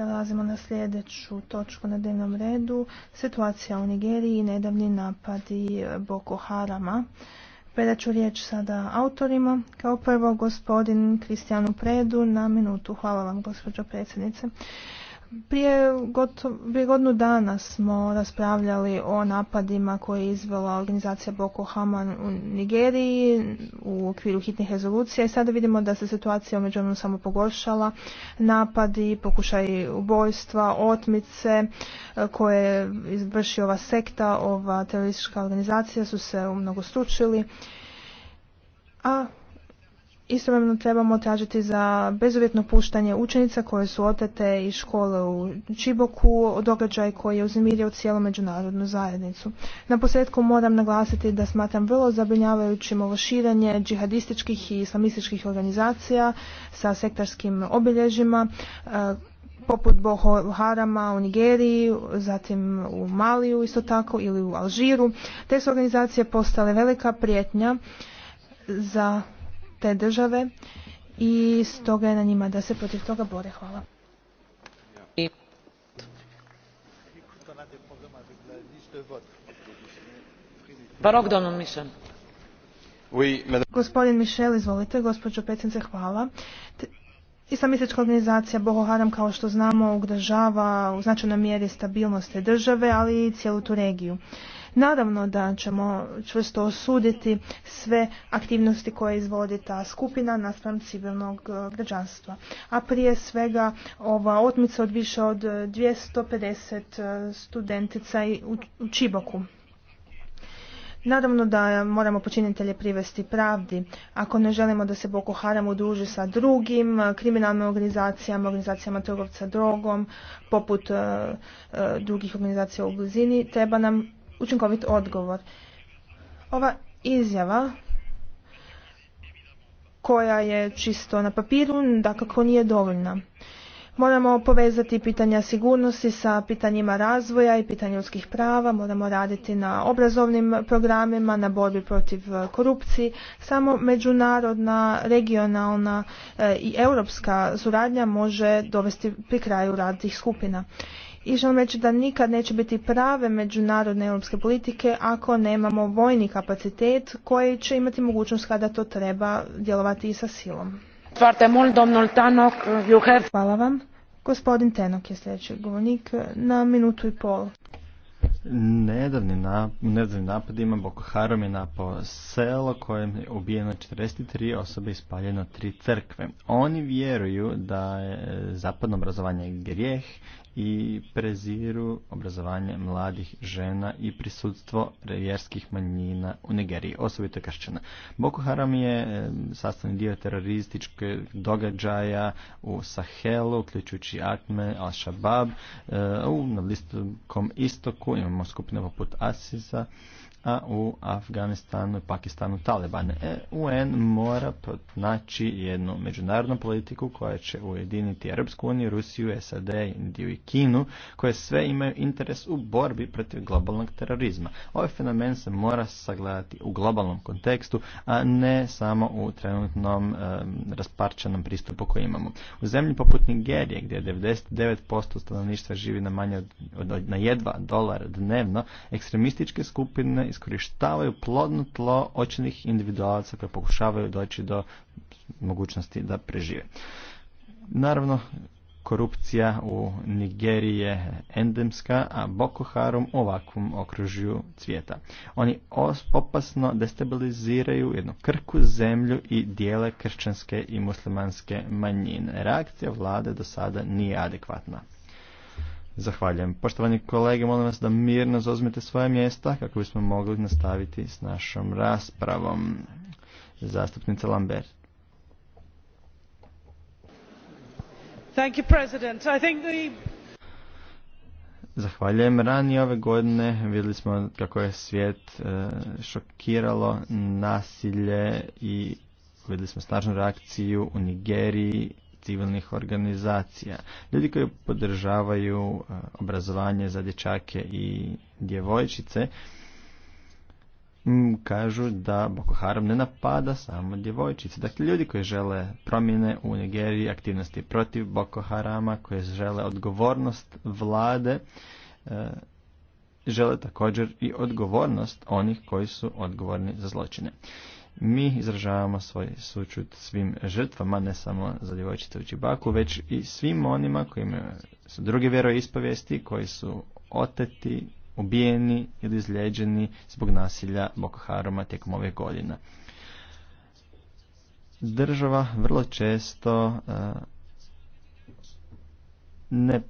Prelazimo na sljedeću točku na dnevnom redu. Situacija u Nigeriji i nedavni napadi Boko Harama. Predaću ću riječ sada autorima. Kao prvo gospodin Kristijanu Predu na minutu. Hvala vam gospođo predsjednice. Prije, gotovo, godinu dana smo raspravljali o napadima koje je izvela organizacija Boko Haman u Nigeriji u okviru hitnih rezolucija i sada vidimo da se situacija u međunom samo pogoršala. Napadi, pokušaj ubojstva, otmice e, koje je izvrši ova sekta, ova teroristička organizacija su se stručili. A Istovremeno trebamo tražiti za bezuvjetno puštanje učenica koje su otete iz škole u Čiboku, događaj koji je uzimirio cijelu međunarodnu zajednicu. Na posljedku moram naglasiti da smatram vrlo zabrinjavajućim ovo širenje džihadističkih i islamističkih organizacija sa sektarskim obilježjima e, poput Boko Harama u Nigeriji, zatim u Maliju isto tako ili u Alžiru. Te su organizacije postale velika prijetnja za te države i stoga je na njima da se protiv toga bore. Hvala. Gospodin Mišel, izvolite, gospođo Pecince, hvala. Islamistička organizacija Boho Haram, kao što znamo, ugrožava u značajnoj mjeri stabilnost te države, ali i cijelu tu regiju. Naravno da ćemo čvrsto osuditi sve aktivnosti koje izvodi ta skupina naspram civilnog e, građanstva. A prije svega ova otmica od više od 250 e, e, studentica u Čiboku. Naravno da moramo počinitelje privesti pravdi. Ako ne želimo da se Boko Haram udruži sa drugim kriminalnim organizacijama, organizacijama trgovca drogom, poput drugih organizacija u blizini, treba nam učinkovit odgovor. Ova izjava koja je čisto na papiru, kako nije dovoljna. Moramo povezati pitanja sigurnosti sa pitanjima razvoja i pitanja ljudskih prava, moramo raditi na obrazovnim programima, na borbi protiv e, korupciji. Samo međunarodna, regionalna e, i europska suradnja može dovesti pri kraju radnih skupina i želim reći da nikad neće biti prave međunarodne europske politike ako nemamo vojni kapacitet koji će imati mogućnost kada to treba djelovati i sa silom. Hvala vam. Gospodin Tenok je sljedeći govornik na minutu i pol. Nedavni, napad ima Boko Haram je selo kojem je ubijeno 43 osobe i spaljeno tri crkve. Oni vjeruju da je zapadno obrazovanje grijeh i preziru obrazovanje mladih žena i prisutstvo vjerskih manjina u Nigeriji, osobito kršćana. Boko Haram je e, sastavni dio terorističke događaja u Sahelu, uključujući Akme, Al-Shabaab, e, u listokom istoku imamo skupine poput Asisa, a u Afganistanu i Pakistanu Talibane. E, UN mora naći jednu međunarodnu politiku koja će ujediniti Europsku uniju, Rusiju, SAD, Indiju i Kinu, koje sve imaju interes u borbi protiv globalnog terorizma. Ovaj fenomen se mora sagledati u globalnom kontekstu, a ne samo u trenutnom e, rasparčanom pristupu koji imamo. U zemlji poput Nigerije, gdje 99% stanovništva živi na manje od, od, na jedva dolara dnevno, ekstremističke skupine iskorištavaju plodno tlo očnih individualaca koji pokušavaju doći do mogućnosti da prežive. Naravno, korupcija u Nigeriji je endemska, a Boko Harum u ovakvom okružju cvijeta. Oni opasno destabiliziraju jednu krku zemlju i dijele kršćanske i muslimanske manjine. Reakcija vlade do sada nije adekvatna. Zahvaljujem. Poštovani kolege, molim vas da mirno zauzmete svoje mjesta kako bismo mogli nastaviti s našom raspravom. Zastupnica Lambert. Thank you, President. I think the... Zahvaljujem. Rani ove godine vidjeli smo kako je svijet e, šokiralo nasilje i vidjeli smo snažnu reakciju u Nigeriji civilnih organizacija, ljudi koji podržavaju e, obrazovanje za dječake i djevojčice, kažu da Boko Haram ne napada samo djevojčice. Dakle, ljudi koji žele promjene u Nigeriji, aktivnosti protiv Boko Harama, koji žele odgovornost vlade, e, žele također i odgovornost onih koji su odgovorni za zločine. Mi izražavamo svoj sučut svim žrtvama, ne samo za djevojčice u Čibaku, već i svim onima koji su druge vjeroispovijesti, koji su oteti, ubijeni ili izljeđeni zbog nasilja Boko Haruma tijekom ove godina. Država vrlo često eh, ne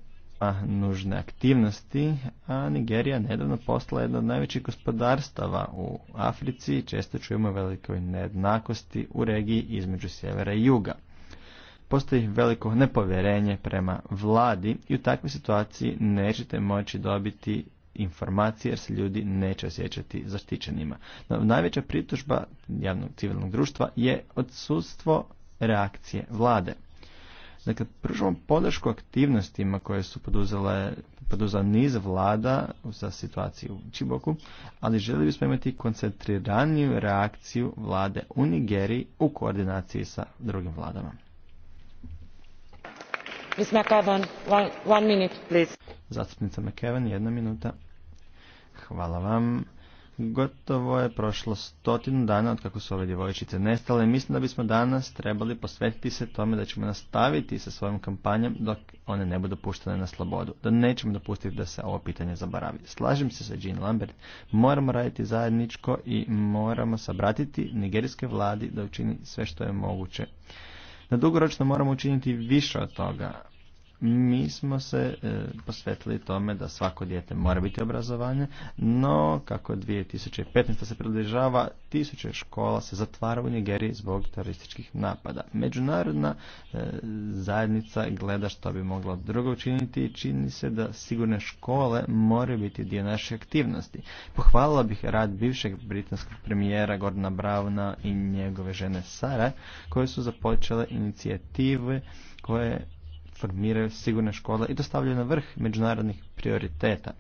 nužne aktivnosti, a Nigerija nedavno postala jedna od najvećih gospodarstava u Africi i često čujemo velikoj nejednakosti u regiji između sjevera i juga. Postoji veliko nepovjerenje prema vladi i u takvoj situaciji nećete moći dobiti informacije jer se ljudi neće osjećati zaštićenima. No, najveća pritužba javnog civilnog društva je odsustvo reakcije vlade. Dakle, pružamo podršku aktivnostima koje su poduzele, poduzela niz vlada za situaciju u Čiboku, ali želi bismo imati koncentriraniju reakciju vlade u Nigeriji u koordinaciji sa drugim vladama. Ms. one minute, please. Zastupnica McEvan, jedna minuta. Hvala vam. Gotovo je prošlo stotinu dana od kako su ove djevojčice nestale mislim da bismo danas trebali posvetiti se tome da ćemo nastaviti sa svojom kampanjom dok one ne budu puštene na slobodu. Da nećemo dopustiti da se ovo pitanje zaboravi. Slažem se sa Jean Lambert, moramo raditi zajedničko i moramo sabratiti nigerijske vladi da učini sve što je moguće. Na dugoročno moramo učiniti više od toga. Mi smo se e, posvetili tome da svako dijete mora biti obrazovanje, no kako 2015. se približava, tisuće škola se zatvara u Nigeriji zbog terorističkih napada. Međunarodna e, zajednica gleda što bi mogla drugo učiniti i čini se da sigurne škole moraju biti dio naše aktivnosti. Pohvalila bih rad bivšeg britanskog premijera Gordona Brauna i njegove žene Sara koje su započele inicijative koje formiraju sigurne škole i dostavljaju na vrh međunarodnih prioriteta.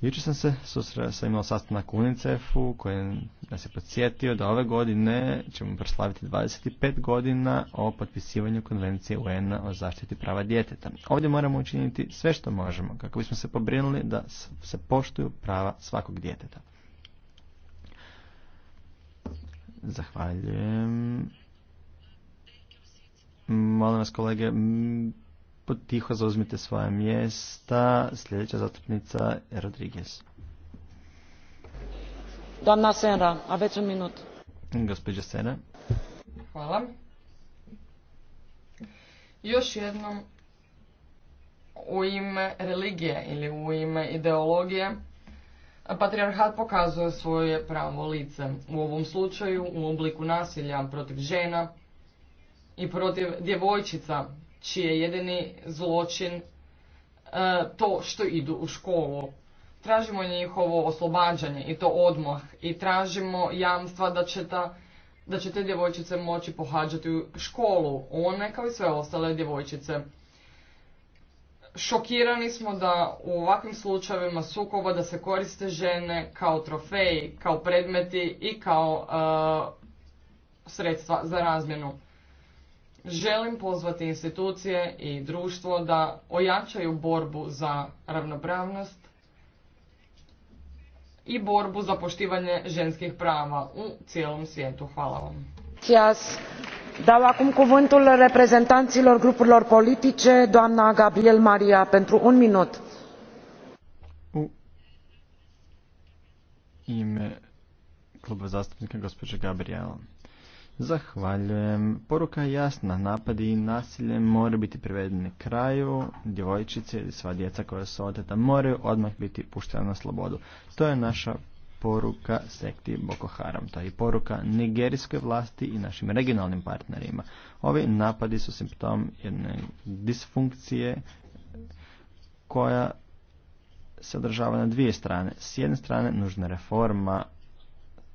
Jučer sam se susreo, sa imao sastanak UNICEF-u koji nas je podsjetio da ove godine ćemo proslaviti 25 godina o potpisivanju konvencije un o zaštiti prava djeteta. Ovdje moramo učiniti sve što možemo kako bismo se pobrinuli da se poštuju prava svakog djeteta. Zahvaljujem. Molim vas kolege, tiho zauzmite svoje mjesta. Sljedeća zastupnica Rodriguez. Doamna a već un minut. Gospođa Sena. Hvala. Još jednom u ime religije ili u ime ideologije Patriarhat pokazuje svoje pravo lice. U ovom slučaju u obliku nasilja protiv žena, i protiv djevojčica čiji je jedini zločin e, to što idu u školu. Tražimo njihovo oslobađanje i to odmah i tražimo jamstva da će, ta, da će te djevojčice moći pohađati u školu, one kao i sve ostale djevojčice. Šokirani smo da u ovakvim slučajevima sukoba da se koriste žene kao trofeji, kao predmeti i kao e, sredstva za razmjenu. Želim pozvati institucije i društvo da ojačaju borbu za ravnopravnost i borbu za poštivanje ženskih prava u cijelom svijetu. Hvala vam. Dau acum cuvântul reprezentanților grupurilor politice, doamna Gabriel Maria, pentru un minut. ime klube zastupnika gospođe Gabriela. Zahvaljujem. Poruka je jasna. Napadi i nasilje moraju biti privedeni kraju. Djevojčice ili sva djeca koja su oteta moraju odmah biti puštena na slobodu. To je naša poruka sekti Boko Haram. To je poruka nigerijskoj vlasti i našim regionalnim partnerima. Ovi napadi su simptom jedne disfunkcije koja se sadržava na dvije strane. S jedne strane nužna reforma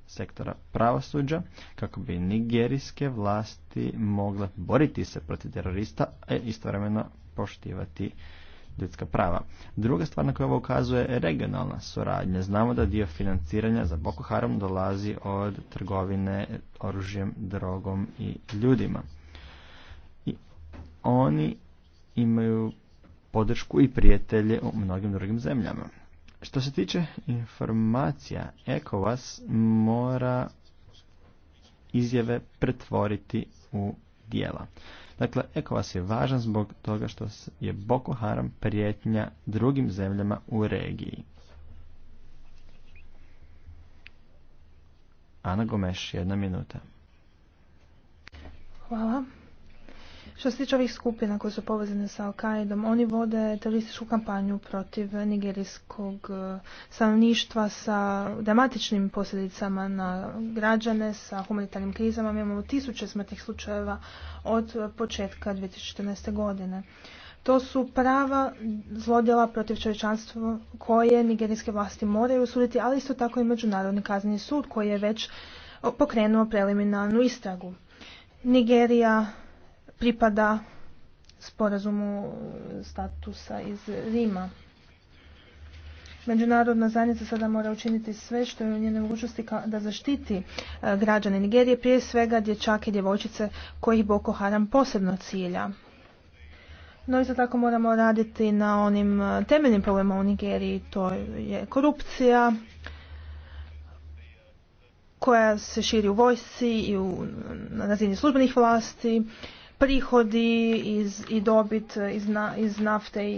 sektora pravosuđa kako bi nigerijske vlasti mogle boriti se protiv terorista, i istovremeno poštivati ljudska prava. Druga stvar na koju ovo ukazuje je regionalna suradnja. Znamo da dio financiranja za Boko Haram dolazi od trgovine oružjem, drogom i ljudima. I oni imaju podršku i prijatelje u mnogim drugim zemljama. Što se tiče informacija, ECOWAS mora izjave pretvoriti u dijela. Dakle, ECOWAS je važan zbog toga što je Boko Haram prijetnja drugim zemljama u regiji. Ana Gomes, jedna minuta. Hvala. Što se tiče ovih skupina koje su povezane sa Al-Qaidom, oni vode terorističku kampanju protiv nigerijskog e, stanovništva sa dramatičnim posljedicama na građane, sa humanitarnim krizama. Mi imamo tisuće smrtnih slučajeva od početka 2014. godine. To su prava zlodjela protiv čovječanstva koje nigerijske vlasti moraju usuditi, ali isto tako i Međunarodni kazneni sud koji je već pokrenuo preliminarnu istragu. Nigerija pripada sporazumu statusa iz Rima. Međunarodna zajednica sada mora učiniti sve što je u njenoj mogućnosti da zaštiti e, građane Nigerije, prije svega dječake i djevojčice kojih Boko Haram posebno cilja. No i isto tako moramo raditi na onim e, temeljnim problemima u Nigeriji, to je korupcija koja se širi u vojsci i u, na razini službenih vlasti, prihodi iz, i dobit iz, iz nafte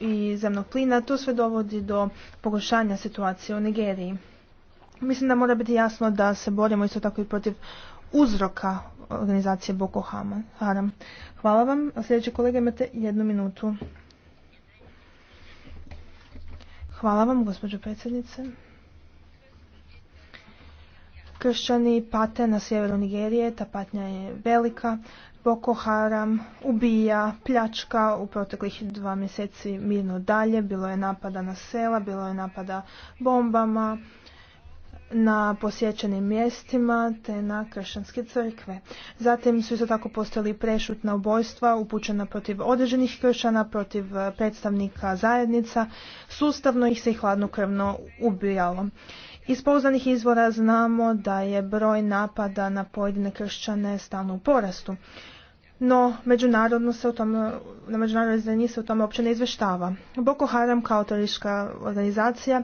i, zemnog plina, to sve dovodi do pogoršanja situacije u Nigeriji. Mislim da mora biti jasno da se borimo isto tako i protiv uzroka organizacije Boko Haram. Hvala vam. A sljedeći kolega imate jednu minutu. Hvala vam, gospođo predsjednice. Kršćani pate na sjeveru Nigerije, ta patnja je velika. Boko Haram ubija, pljačka u proteklih dva mjeseci mirno dalje. Bilo je napada na sela, bilo je napada bombama, na posjećenim mjestima te na kršćanske crkve. Zatim su isto tako postali prešutna ubojstva upućena protiv određenih kršćana, protiv eh, predstavnika zajednica. Sustavno ih se i hladnokrvno ubijalo. Iz pouzdanih izvora znamo da je broj napada na pojedine kršćane stalno u porastu. No, međunarodno se tom, na međunarodnoj zemlji se o tome uopće ne izveštava. Boko Haram kao teroristička organizacija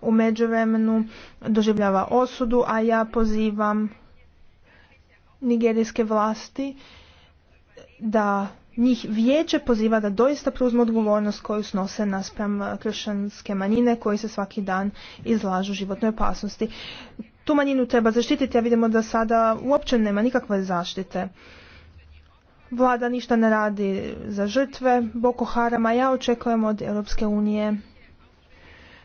u međuvremenu doživljava osudu, a ja pozivam nigerijske vlasti da njih vijeće poziva da doista preuzmu odgovornost koju snose naspram e, kršćanske manjine koji se svaki dan izlažu životnoj opasnosti. Tu manjinu treba zaštititi, a vidimo da sada uopće nema nikakve zaštite. Vlada ništa ne radi za žrtve Boko Harama. Ja očekujem od Europske unije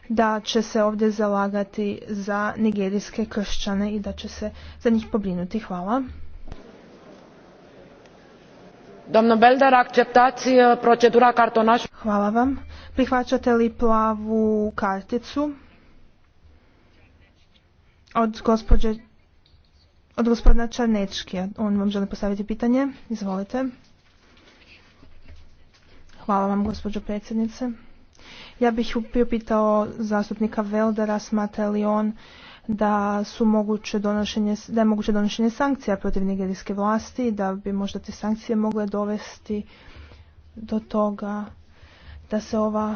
da će se ovdje zalagati za nigerijske kršćane i da će se za njih pobrinuti. Hvala. Uh, Hvala vam. Prihvaćate li plavu karticu od gospodina Čarnečkija. On vam želi postaviti pitanje. Izvolite. Hvala vam, gospođo predsjednice. Ja bih pitao zastupnika Veldera, smatra li on da su moguće donošenje, da je moguće donošenje sankcija protiv nigerijske vlasti, da bi možda te sankcije mogle dovesti do toga da se ova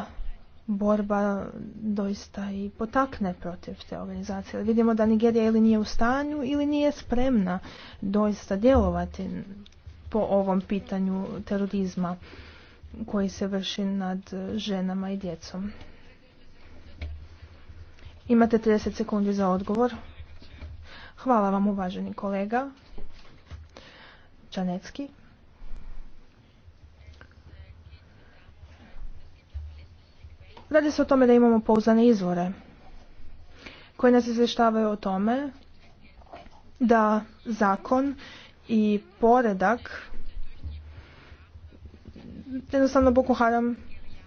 borba doista i potakne protiv te organizacije. vidimo da Nigerija ili nije u stanju ili nije spremna doista djelovati po ovom pitanju terorizma koji se vrši nad ženama i djecom. Imate 30 sekundi za odgovor. Hvala vam uvaženi kolega. Čanecki. Radi se o tome da imamo pouzdane izvore koje nas izvještavaju o tome da zakon i poredak jednostavno Boko Haram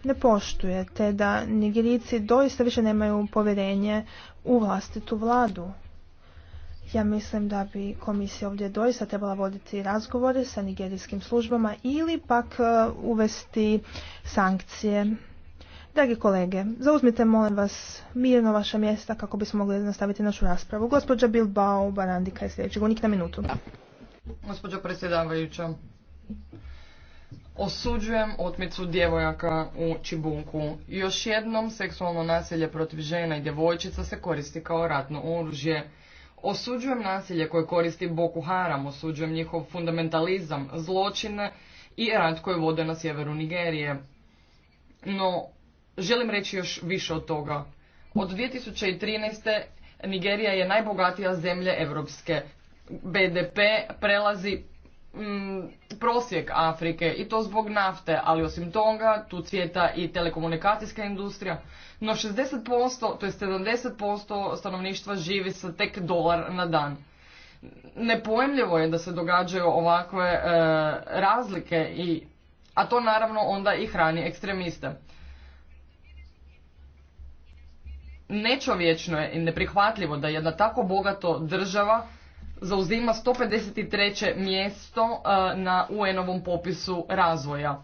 ne poštujete da Nigerici doista više nemaju povjerenje u vlastitu vladu. Ja mislim da bi komisija ovdje doista trebala voditi razgovore sa nigerijskim službama ili pak e, uvesti sankcije. Dragi kolege, zauzmite molim vas mirno vaša mjesta kako bismo mogli nastaviti našu raspravu. Gospođa Bilbao Barandika je sljedeći Unik na minutu. Gospođo predsjedavajuća, Osuđujem otmicu djevojaka u Čibunku. Još jednom, seksualno nasilje protiv žena i djevojčica se koristi kao ratno oružje. Osuđujem nasilje koje koristi Boku Haram, osuđujem njihov fundamentalizam, zločine i rat koji vode na sjeveru Nigerije. No, želim reći još više od toga. Od 2013. Nigerija je najbogatija zemlja Evropske. BDP prelazi Mm, prosjek Afrike i to zbog nafte, ali osim toga tu cvjeta i telekomunikacijska industrija. No 60%, to je 70% stanovništva živi sa tek dolar na dan. nepojmljivo je da se događaju ovakve e, razlike, i, a to naravno onda i hrani ekstremiste. Nečovječno je i neprihvatljivo da jedna tako bogato država zauzima 153. mjesto e, na UN-ovom popisu razvoja.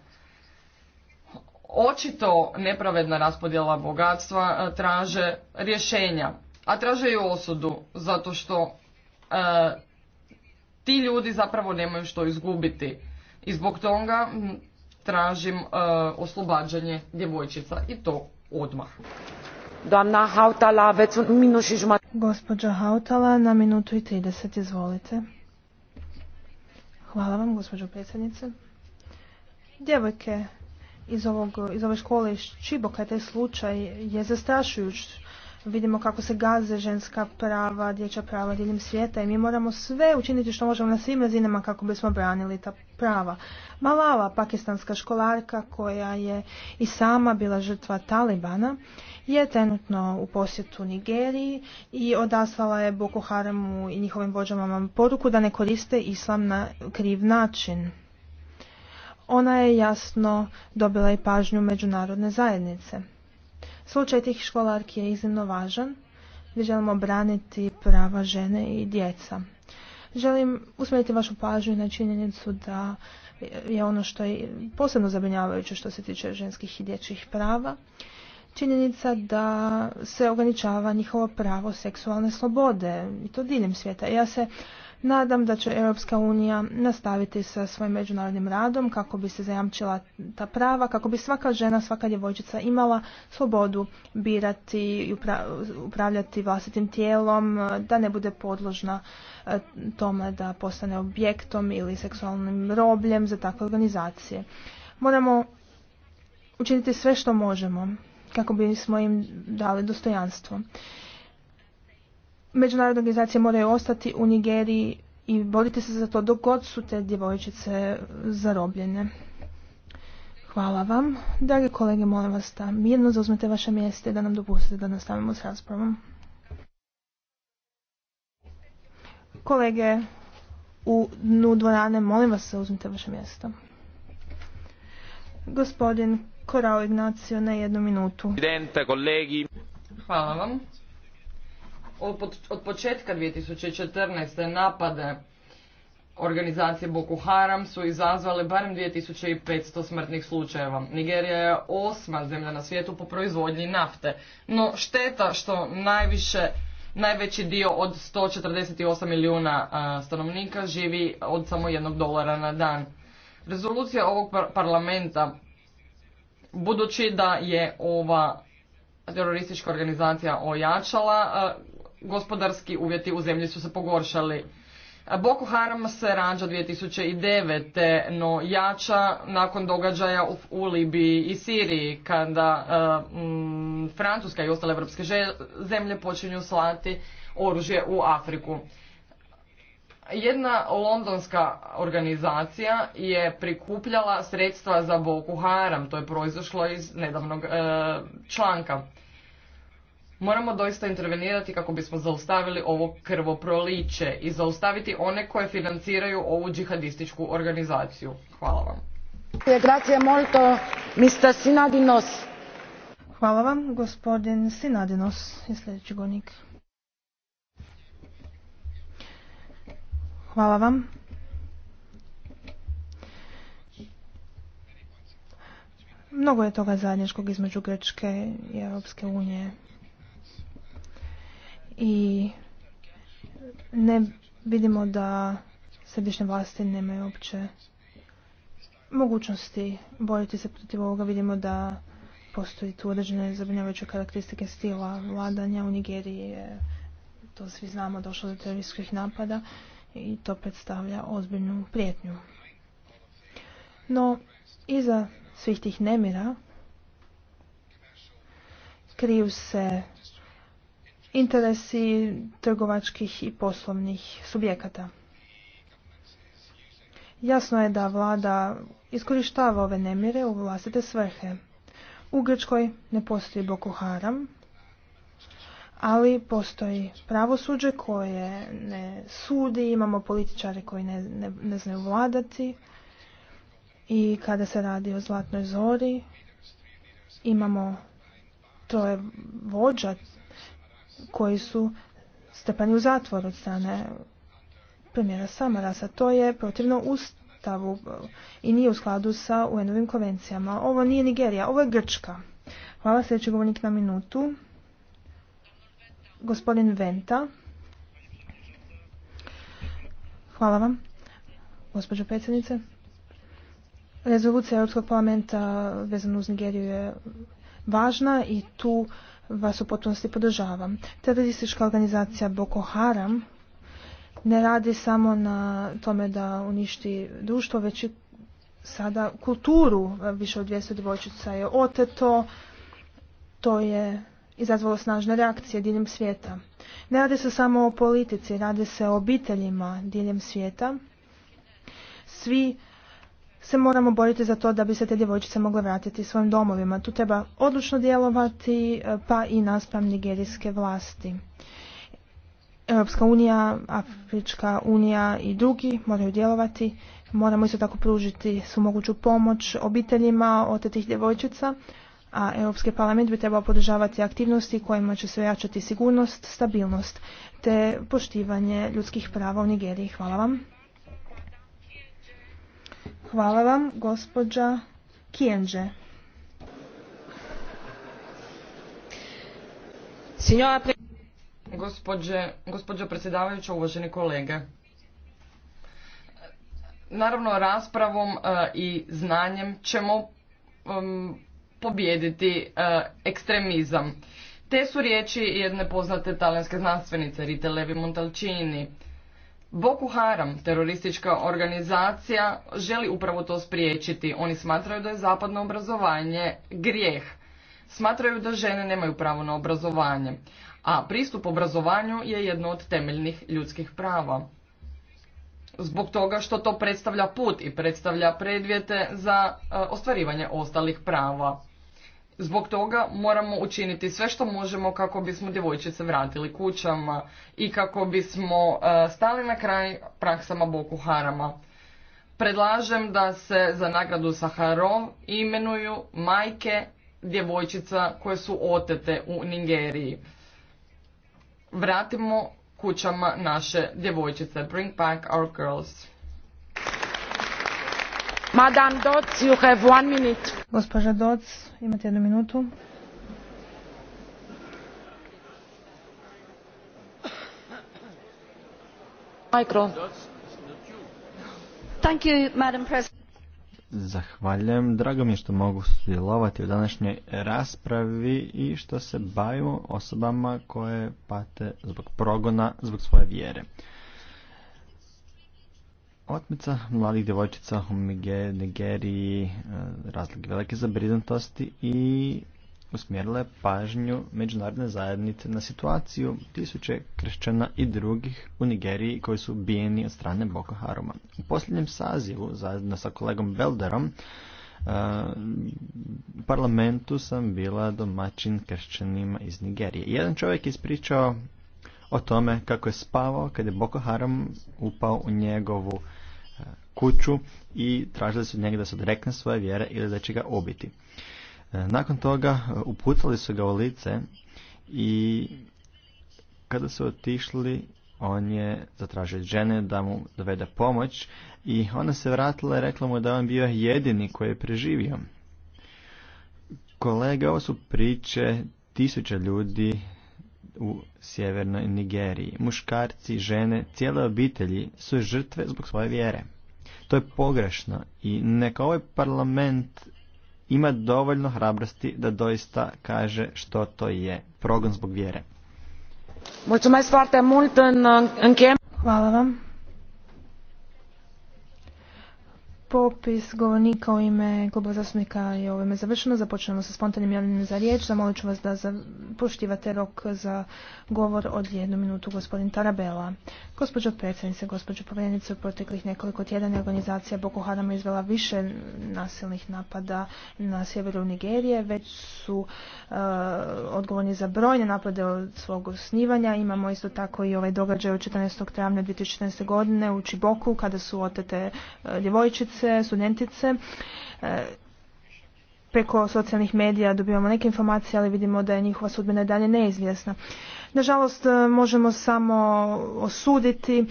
Očito nepravedna raspodjela bogatstva e, traže rješenja, a traže i osudu, zato što e, ti ljudi zapravo nemaju što izgubiti. I zbog toga tražim oslobađanje djevojčica i to odmah. Doamna Hautala, aveți un minut Gospođa Hautala, na minutu i 30, izvolite. Hvala vam, gospođo predsjednice. Djevojke iz, ovog, iz ove škole iz Čiboka, taj slučaj je zastrašujuć vidimo kako se gaze ženska prava, dječja prava diljem svijeta i mi moramo sve učiniti što možemo na svim razinama kako bismo branili ta prava. Malala, pakistanska školarka koja je i sama bila žrtva Talibana, je trenutno u posjetu Nigeriji i odaslala je Boko Haramu i njihovim vođama poruku da ne koriste islam na kriv način. Ona je jasno dobila i pažnju međunarodne zajednice. Slučaj tih školarki je iznimno važan gdje želimo braniti prava žene i djeca. Želim usmjeriti vašu pažnju na činjenicu da je ono što je posebno zabrinjavajuće što se tiče ženskih i dječjih prava, činjenica da se ograničava njihovo pravo seksualne slobode i to diljem svijeta. Ja se Nadam da će Europska unija nastaviti sa svojim međunarodnim radom kako bi se zajamčila ta prava, kako bi svaka žena, svaka djevojčica imala slobodu birati i upravljati vlastitim tijelom, e, da ne bude podložna e, tome da postane objektom ili seksualnim robljem za takve organizacije. Moramo učiniti sve što možemo kako bismo im dali dostojanstvo. Međunarodne organizacije moraju ostati u Nigeriji i boriti se za to dok god su te djevojčice zarobljene. Hvala vam. Drage kolege, molim vas da mirno zauzmete vaše mjeste i da nam dopustite da nastavimo s raspravom. Kolege u dnu dvorane, molim vas da uzmite vaše mjesto. Gospodin Korao Ignacio na jednu minutu. Hvala vam od početka 2014. napade organizacije Boko Haram su izazvale barem 2500 smrtnih slučajeva. Nigerija je osma zemlja na svijetu po proizvodnji nafte. No šteta što najviše najveći dio od 148 milijuna stanovnika živi od samo jednog dolara na dan. Rezolucija ovog parlamenta, budući da je ova teroristička organizacija ojačala, gospodarski uvjeti u zemlji su se pogoršali. Boko Haram se rađa 2009. no jača nakon događaja u Libiji i Siriji kada e, Francuska i ostale evropske zemlje počinju slati oružje u Afriku. Jedna londonska organizacija je prikupljala sredstva za Boko Haram, to je proizašlo iz nedavnog e, članka. Moramo doista intervenirati kako bismo zaustavili ovo krvoproliće i zaustaviti one koje financiraju ovu džihadističku organizaciju. Hvala vam. Hvala vam, gospodin Sinadinos I sljedeći govornik. Hvala vam. Mnogo je toga zajedničkog između Grčke i Europske unije i ne vidimo da središnje vlasti nemaju uopće mogućnosti boriti se protiv ovoga. Vidimo da postoji tu određene zabrinjavajuće karakteristike stila vladanja u Nigeriji. To svi znamo, došlo do terorističkih napada i to predstavlja ozbiljnu prijetnju. No, iza svih tih nemira kriju se interesi trgovačkih i poslovnih subjekata. Jasno je da vlada iskorištava ove nemire u vlastite svrhe. U Grčkoj ne postoji Boko Haram, ali postoji pravosuđe koje ne sudi, imamo političare koji ne, ne, ne znaju vladati i kada se radi o Zlatnoj zori imamo troje vođa koji su stepani u zatvor od strane premijera Samarasa. To je protivno ustavu i nije u skladu sa UN-ovim konvencijama. Ovo nije Nigerija, ovo je Grčka. Hvala, sljedeći govornik na minutu. Gospodin Venta. Hvala vam, gospođo predsjednice. Rezolucija Europskog parlamenta vezana uz Nigeriju je važna i tu vas u potpunosti podržavam. Teroristička organizacija Boko Haram ne radi samo na tome da uništi društvo, već i sada kulturu. Više od 200 djevojčica je oteto. To je izazvalo snažne reakcije diljem svijeta. Ne radi se samo o politici, radi se o obiteljima diljem svijeta. Svi se moramo boriti za to da bi se te djevojčice mogle vratiti svojim domovima. Tu treba odlučno djelovati e, pa i naspram nigerijske vlasti. Europska unija, Afrička unija i drugi moraju djelovati. Moramo isto tako pružiti su moguću pomoć obiteljima od tih djevojčica, a Europski parlament bi trebao podržavati aktivnosti kojima će se jačati sigurnost, stabilnost te poštivanje ljudskih prava u Nigeriji. Hvala vam. Hvala vam, gospođa Gospođe, gospođo predsjedavajuća, uvaženi kolege. Naravno, raspravom e, i znanjem ćemo pobijediti e, ekstremizam. Te su riječi jedne poznate talijanske znanstvenice Rite Levi Montalcini Boku Haram, teroristička organizacija, želi upravo to spriječiti. Oni smatraju da je zapadno obrazovanje grijeh. Smatraju da žene nemaju pravo na obrazovanje, a pristup obrazovanju je jedno od temeljnih ljudskih prava. Zbog toga što to predstavlja put i predstavlja predvjete za e, ostvarivanje ostalih prava. Zbog toga moramo učiniti sve što možemo kako bismo djevojčice vratili kućama i kako bismo e, stali na kraj praksama Boku Harama. Predlažem da se za nagradu Saharov imenuju majke djevojčica koje su otete u Nigeriji. Vratimo kućama naše djevojčice. Bring back our girls. Madame Dodds, one minute. Gospođa imate jednu minutu. Thank Zahvaljujem. Drago mi je što mogu sudjelovati u današnjoj raspravi i što se baju osobama koje pate zbog progona, zbog svoje vjere. Otmica mladih djevojčica u Nigeriji, e, razlike velike zabrinutosti i usmjerila je pažnju međunarodne zajednice na situaciju tisuće kršćana i drugih u Nigeriji koji su ubijeni od strane Boko Haruma. U posljednjem sazivu, zajedno sa kolegom Belderom, e, u parlamentu sam bila domaćin kršćanima iz Nigerije. Jedan čovjek je ispričao o tome kako je spavao kad je Boko Haram upao u njegovu e, kuću i tražili su od njega da se odrekne svoje vjere ili da će ga ubiti. E, nakon toga e, uputali su ga u lice i kada su otišli on je zatražio žene da mu dovede pomoć i ona se vratila i rekla mu da on bio jedini koji je preživio. Kolega, ovo su priče tisuća ljudi u sjevernoj Nigeriji. Muškarci, žene, cijele obitelji su žrtve zbog svoje vjere. To je pogrešno i neka ovaj parlament ima dovoljno hrabrosti da doista kaže što to je progon zbog vjere. Hvala vam. Popis govornika u ime kluba zastupnika je ovime završeno. Započnemo sa spontanim javljanjem za riječ. Zamolit ću vas da poštivate rok za govor od jednu minutu gospodin Tarabela. Gospođo predsjednice, gospođo povjerenice, u proteklih nekoliko tjedana organizacija Boko Haram izvela više nasilnih napada na sjeveru Nigerije. Već su uh, odgovorni za brojne napade od svog osnivanja. Imamo isto tako i ovaj događaj od 14. travnja 2014. godine u Čiboku kada su otete uh, djevojčice studentice, e, Preko socijalnih medija dobivamo neke informacije, ali vidimo da je njihova sudbina dalje neizvjesna. Nažalost, e, možemo samo osuditi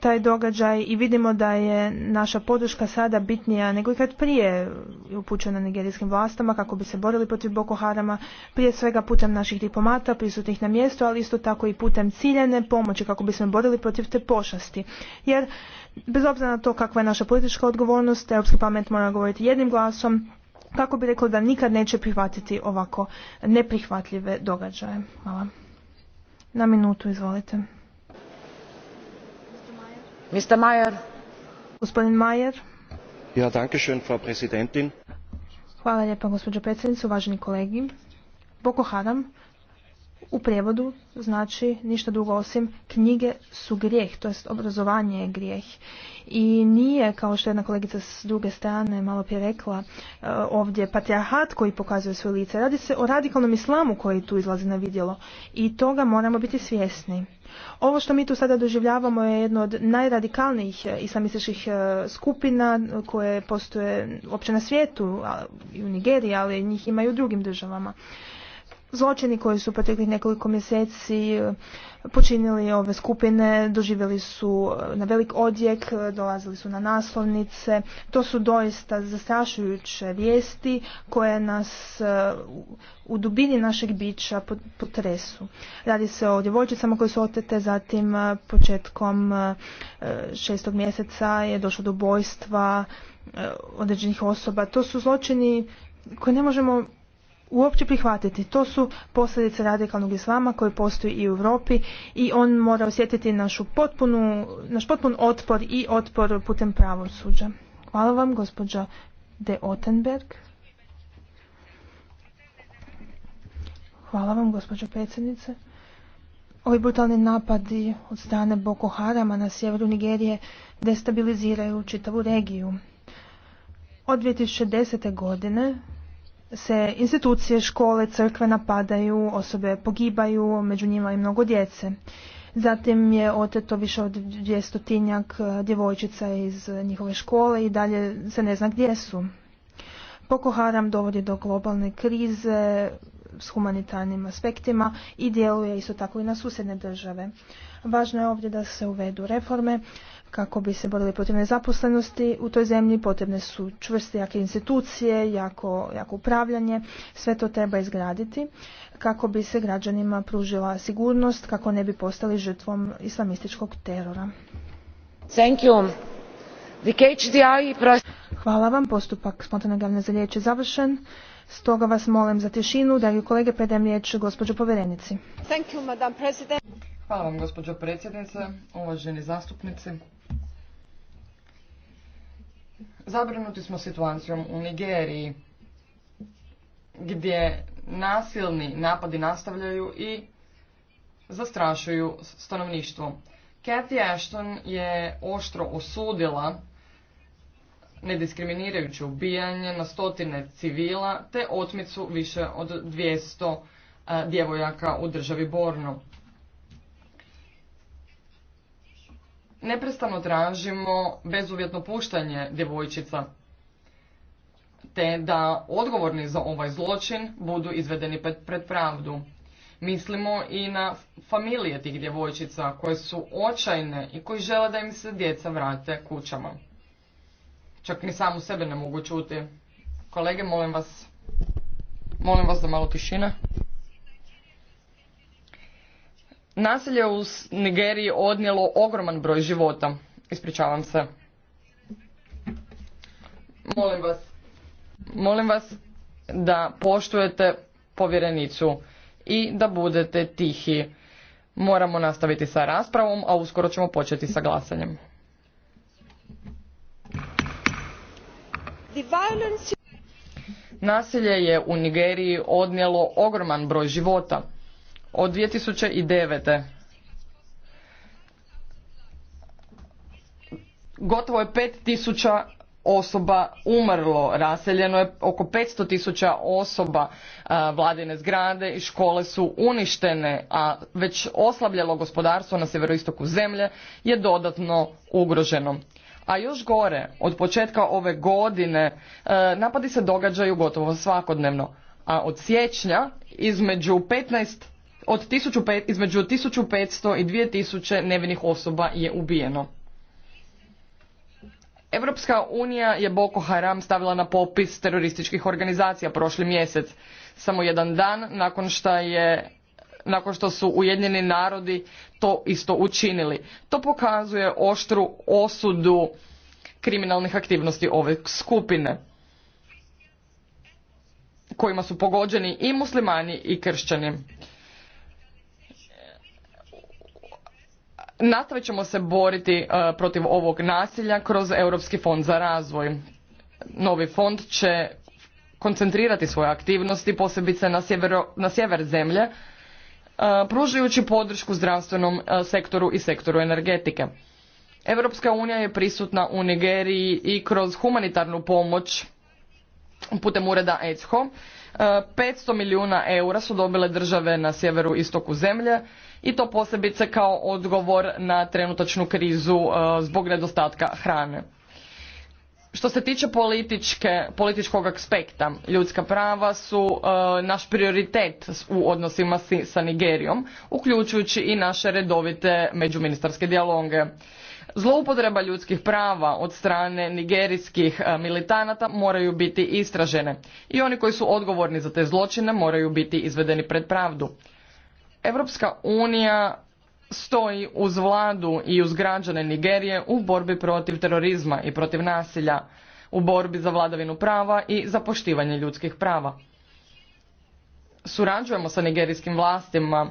taj događaj i vidimo da je naša podrška sada bitnija nego ikad prije upućena nigerijskim vlastama kako bi se borili protiv Boko Harama, prije svega putem naših diplomata prisutnih na mjestu, ali isto tako i putem ciljene pomoći kako bismo borili protiv te pošasti. Jer bez obzira na to kakva je naša politička odgovornost, Europski parlament mora govoriti jednim glasom kako bi rekao da nikad neće prihvatiti ovako neprihvatljive događaje. Hvala. Na minutu izvolite. Mr. Mayer. Gospodin Mayer. Ja, danke schön, Frau Präsidentin. Hvala lijepa, gospođo predsjednice, uvaženi kolegi. Boko Haram u prijevodu znači ništa drugo osim knjige su grijeh, to jest obrazovanje je grijeh. I nije, kao što je jedna kolegica s druge strane malo prije rekla, e, ovdje patriarhat koji pokazuje svoje lice. Radi se o radikalnom islamu koji tu izlazi na vidjelo i toga moramo biti svjesni. Ovo što mi tu sada doživljavamo je jedno od najradikalnijih e, islamističkih e, skupina koje postoje uopće na svijetu, i u Nigeriji, ali njih imaju i u drugim državama zločini koji su proteklih nekoliko mjeseci e, počinili ove skupine, doživjeli su e, na velik odjek, e, dolazili su na naslovnice. To su doista zastrašujuće vijesti koje nas u dubini našeg bića potresu. Radi se o djevojčicama koje su otete, zatim početkom šestog mjeseca je došlo do ubojstva određenih osoba. To su zločini koje ne možemo uopće prihvatiti. To su posljedice radikalnog islama koji postoji i u Europi i on mora osjetiti našu potpunu, naš potpun otpor i otpor putem pravosuđa. Hvala vam gospođa De otenberg Hvala vam gospođo predsjednice. Ovi brutalni napadi od strane Boko Harama na sjeveru Nigerije destabiliziraju čitavu regiju. Od 2010. godine se institucije, škole, crkve napadaju, osobe pogibaju, među njima i mnogo djece. Zatim je oteto više od dvjestotinjak e, djevojčica iz njihove škole i dalje se ne zna gdje su. Boko Haram dovodi do globalne krize s humanitarnim aspektima i djeluje isto tako i na susjedne države. Važno je ovdje da se uvedu reforme kako bi se borili protiv nezaposlenosti u toj zemlji potrebne su čvrste jake institucije, jako, jako upravljanje, sve to treba izgraditi kako bi se građanima pružila sigurnost, kako ne bi postali žrtvom islamističkog terora. Thank you. Hvala vam, postupak spontane glavne za riječ je završen. Stoga vas molim za tišinu, dragi kolege, predajem riječ gospođo povjerenici. Thank you, Hvala vam, gospođo predsjednice, uvaženi zastupnici. Zabrinuti smo situacijom u Nigeriji gdje nasilni napadi nastavljaju i zastrašuju stanovništvo. Cathy Ashton je oštro osudila nediskriminirajuće ubijanje na stotine civila te otmicu više od 200 e, djevojaka u državi Borno. neprestano tražimo bezuvjetno puštanje djevojčica, te da odgovorni za ovaj zločin budu izvedeni pred pravdu. Mislimo i na familije tih djevojčica koje su očajne i koji žele da im se djeca vrate kućama. Čak ni samu sebe ne mogu čuti. Kolege, molim vas, molim vas za malo tišine. Nasilje u Nigeriji odnijelo ogroman broj života. Ispričavam se. Molim vas. Molim vas da poštujete povjerenicu i da budete tihi. Moramo nastaviti sa raspravom, a uskoro ćemo početi sa glasanjem. Nasilje je u Nigeriji odnijelo ogroman broj života od 2009. Gotovo je 5000 osoba umrlo, raseljeno je oko 500.000 osoba, vladine zgrade i škole su uništene, a već oslabljeno gospodarstvo na sjeveroistoku zemlje je dodatno ugroženo. A još gore, od početka ove godine napadi se događaju gotovo svakodnevno, a od siječnja između 15 od 1500, između 1500 i 2000 nevinih osoba je ubijeno. Europska unija je Boko Haram stavila na popis terorističkih organizacija prošli mjesec, samo jedan dan nakon što je nakon što su Ujedinjeni narodi to isto učinili. To pokazuje oštru osudu kriminalnih aktivnosti ove skupine kojima su pogođeni i muslimani i kršćani. Nastavit ćemo se boriti e, protiv ovog nasilja kroz Europski fond za razvoj. Novi fond će koncentrirati svoje aktivnosti, posebice na, sjever zemlje, e, pružajući podršku zdravstvenom e, sektoru i sektoru energetike. Europska unija je prisutna u Nigeriji i kroz humanitarnu pomoć putem ureda ECHO. 500 milijuna eura su dobile države na sjeveru istoku zemlje i to posebice kao odgovor na trenutačnu krizu e, zbog nedostatka hrane. Što se tiče političkog aspekta, ljudska prava su e, naš prioritet u odnosima sa Nigerijom, uključujući i naše redovite međuministarske dijaloge. Zloupotreba ljudskih prava od strane nigerijskih e, militanata moraju biti istražene i oni koji su odgovorni za te zločine moraju biti izvedeni pred pravdu. Europska unija stoji uz vladu i uz građane Nigerije u borbi protiv terorizma i protiv nasilja, u borbi za vladavinu prava i za poštivanje ljudskih prava. Surađujemo sa nigerijskim vlastima,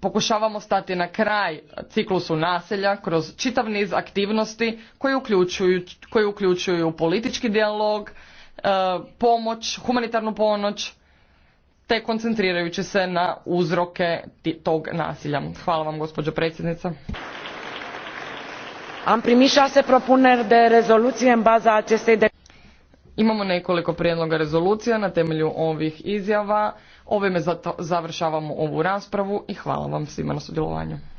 pokušavamo stati na kraj ciklusu nasilja kroz čitav niz aktivnosti koje uključuju, koje uključuju politički dijalog, e, pomoć, humanitarnu pomoć, te koncentrirajući se na uzroke tog nasilja. Hvala vam gospođo predsjednica. Imamo nekoliko prijedloga rezolucija na temelju ovih izjava. Ovime završavamo ovu raspravu i hvala vam svima na sudjelovanju.